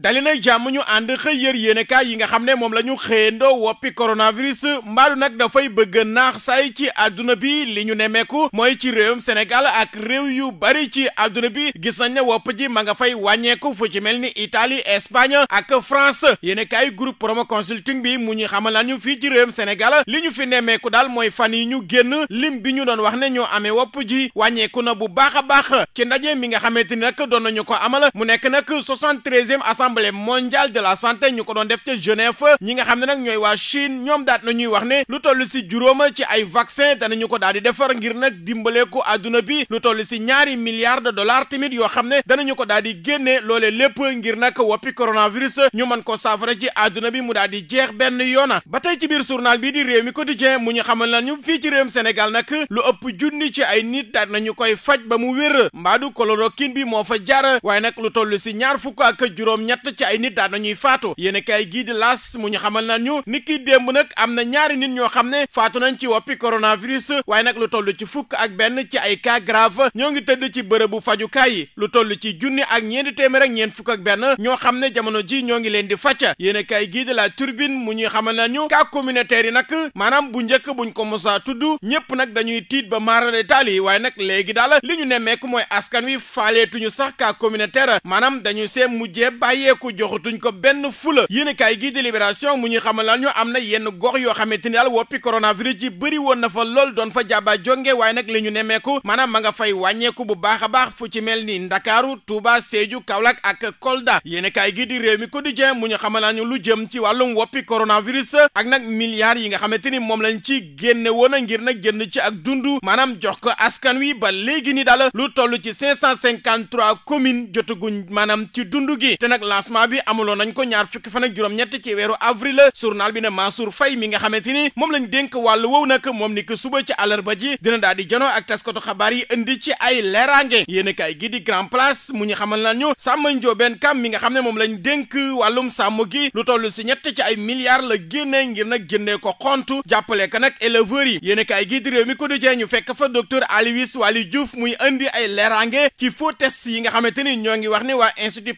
dali nag jàmm ñu ànd xëy yër yéenekaay yi nga xam ne moom la ñu xëyandoo woppi coronavirus mbaadu nag dafay bëgg naax saay ci àdduna bi li ñu nemmeeku mooy ci réewum Sénégal ak réew yu bari ci àdduna bi gis nañ ne wopp ji ma nga fay wàññeeku fu ci mel ni itali Espagne ak France yéenekaay groupe promo consulting bi mu ñu xamal nañu fii ci réewum Sénégal li ñu fi nemmeeku daal mooy fan yi ñu génn lim bi ñu doon wax ne ñoo amee wopp ji wàññeeku na bu baax a baax ci ndaje mi nga xamante ni nag doon nañu ko amal mu nekk nag 73e assemblée mondiale de la santé ñu ko doon def ca Genève ñi nga xam ne nag ñooy waa Chine ñoom daat na ñuy wax ne lu toll si juróoma ci ay dana danañu ko daal di defar ngir nag dimbalee ko àdduna bi lu toll si ñaari milliards de dollars tamit yoo xam ne danañu ko daal di génne loolee lépp ngir nag woppi coronavirus ñu man ko saafara ci àdduna bi mu daal di jeex benn yoona ba tey ci biir journal bii di réew mi quotidien mu ñu xamal na ñu fii ci réewum Sénégal nag lu ëpp junni ci ay nit daat nañu koy faj ba mu wér mbaadu chloroquine bi moo fa jaar waaye nag lu toll si ñaar fukk ak juróom ñett ci ay nit daan nañuy faatu yéen kay gii di las mu ñu xamal nañu ni ki démb nag am na ñaari nit ñoo xam ne faatu nañ ci woppi coronavirus waaye nag lu toll ci fukk ak benn ci ay cas grave ñoo ngi tëdd ci bërëbu fajukaay yi lu toll ci junni ak ñeenti téeméer ñeent fukk ak benn ñoo xam ne jamono ji ñoo ngi leen di fàcc yéen gii di la turbine mu ñuy xamal nañu cas communautaire yi nag maanaam bu njëkk buñ ko mosa tudd ñëpp nag dañuy tiit ba maarale taal yi waaye nag léegi daal li ñu nemmeeku mooy askan wi faaleetuñu sax cas maanaam dañuy see mujjee bàyyee fayeku joxutuñ ko benn fula yéenekaay gi di Libération mu ñuy xamal ñu am na yenn gox yoo xamante ni daal woppi coronavirus ji bëri woon na fa lool doon fa jàbba jonge waaye nag lañu ñu nemeeku maanaam ma nga fay wàññeeku bu baax a baax fu ci mel ni Ndakaaru Touba Sédhiou Kaolack ak Kolda yéenekaay gi di Rewmi Quotidien mu ñu xamal ñu lu jëm ci wàllum woppi coronavirus ak nag milliards yi nga xamante ni moom lañ ci génne woon ngir nag jënd ci ak dund maanaam jox ko askan wi ba léegi ni daal lu toll ci 553 communes jotaguñ maanaam ci dund gi lancement bi amuloon nañ ko ñaar fukki fan ak juróom-ñett ci weeru avril journal bi ne Mansour Faye mi nga xamante ni moom lañ dénk wàllu woowu nag moom ni ko suba ci àllarba ji dina daal di janoo ak taskatu xabaar yi indi ci ay leeraange yéen kaay gi di grand place mu ñu xamal nañu Samba Ndiobène Kam mi nga xam ne moom lañ dénk wàllum sàmm gi lu toll si ñett ci ay milliards la génne ngir nag génnee ko xontu jàppale ko nag éleveurs yi yéen kaay gi ko di jee ñu fekk fa docteur Aloyse Waly Diouf yi nga ni ñoo ngi wax ne waa institut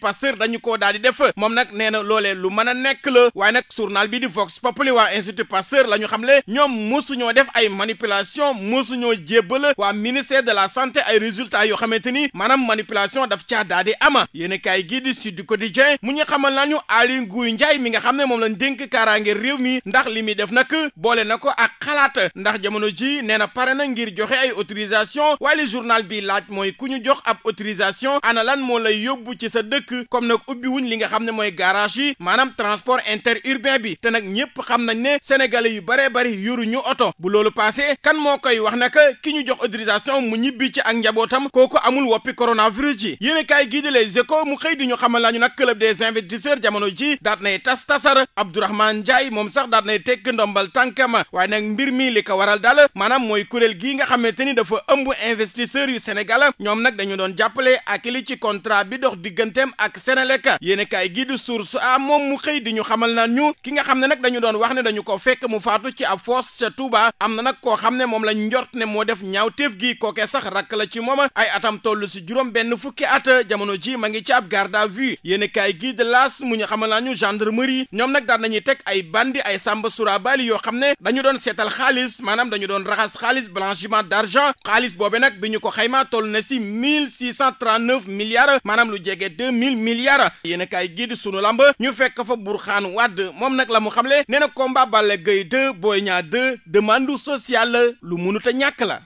ko daal di moom nag nee na loolee lu mën a nekk la waaye nag journal bi di Vox Populi waa Institut Pasteur la ñu xam le ñoom mosuñoo def ay manipulation mosuñoo jébbal waa ministère de la sante ay résultats yoo xamante ni maanaam manipulation daf caa daal di ama yéen a kaay gii di Sud Quotidien mu ñu xamal nañu Aly Ngouille Ndiaye mi nga xam ne moom lañ dénk kaaraange réew mi ndax li muy def nag boole na ko ak xalaat ndax jamono ji nee na pare na ngir joxe ay autorisation waaye journal bi laaj mooy ku ñu jox ab autorisation ana lan moo lay yóbbu ci sa wuñ li nga xam ne mooy garage yi maanaam transport interurbain bi te nag ñëpp xam nañ ne sénégalais yu bare bari yoru ñu oto bu loolu passé kan moo koy wax nag ki ñu jox autorisation mu ñibbi ci ak njabootam kooku amul woppi coronavirus ji yéen kaay gii di Les Échos mu xëy di ñu xamal laa ñu nag club des investisseurs jamono ji daat nay tas tasar Abdourahmane Ndiaye moom sax daat nay tekk ndombal tànkama waaye nag mbir mi li ko waral daal maanaam mooy kuréel gii nga xamante ni dafa ëmb investisseurs yu Sénégal ñoom nag dañu doon jàppale ak li ci contrat bi dox digganteem ak Sénélec yéen kaay gi di source moom mu xëy di ñu xamal naa ñu ki nga xam ne nag dañu doon wax ne dañu ko fekk mu faatu ci ab foos ca Touba am na nag koo xam ne moom lañ njort ne moo def ñaaw téef gi kooke sax rakk la ci moom ay atam toll si juróom benn fukki at jamono ji ma ngi ci ab garde à vue yéen kaay gi de laas mu ñu xamal naa ñu gendarmerie ñoom nag daan nañu teg ay bandi ay sàmba surabali yoo xam ne dañu doon seetal xaalis maanaam dañu doon raxas xaalis blanchiment d'argent xaalis boobe nag bi ko xayma toll na si mille six cent trente neuf milliards maanaam lu jege deux mille yéen a kaay sunu lamb ñu fekk fa Bourkhane Wade moom nag la mu xamle nee na combat Balla Gaye booy ñaa Niang 2 demande sociale la lu munut a ñàkk la.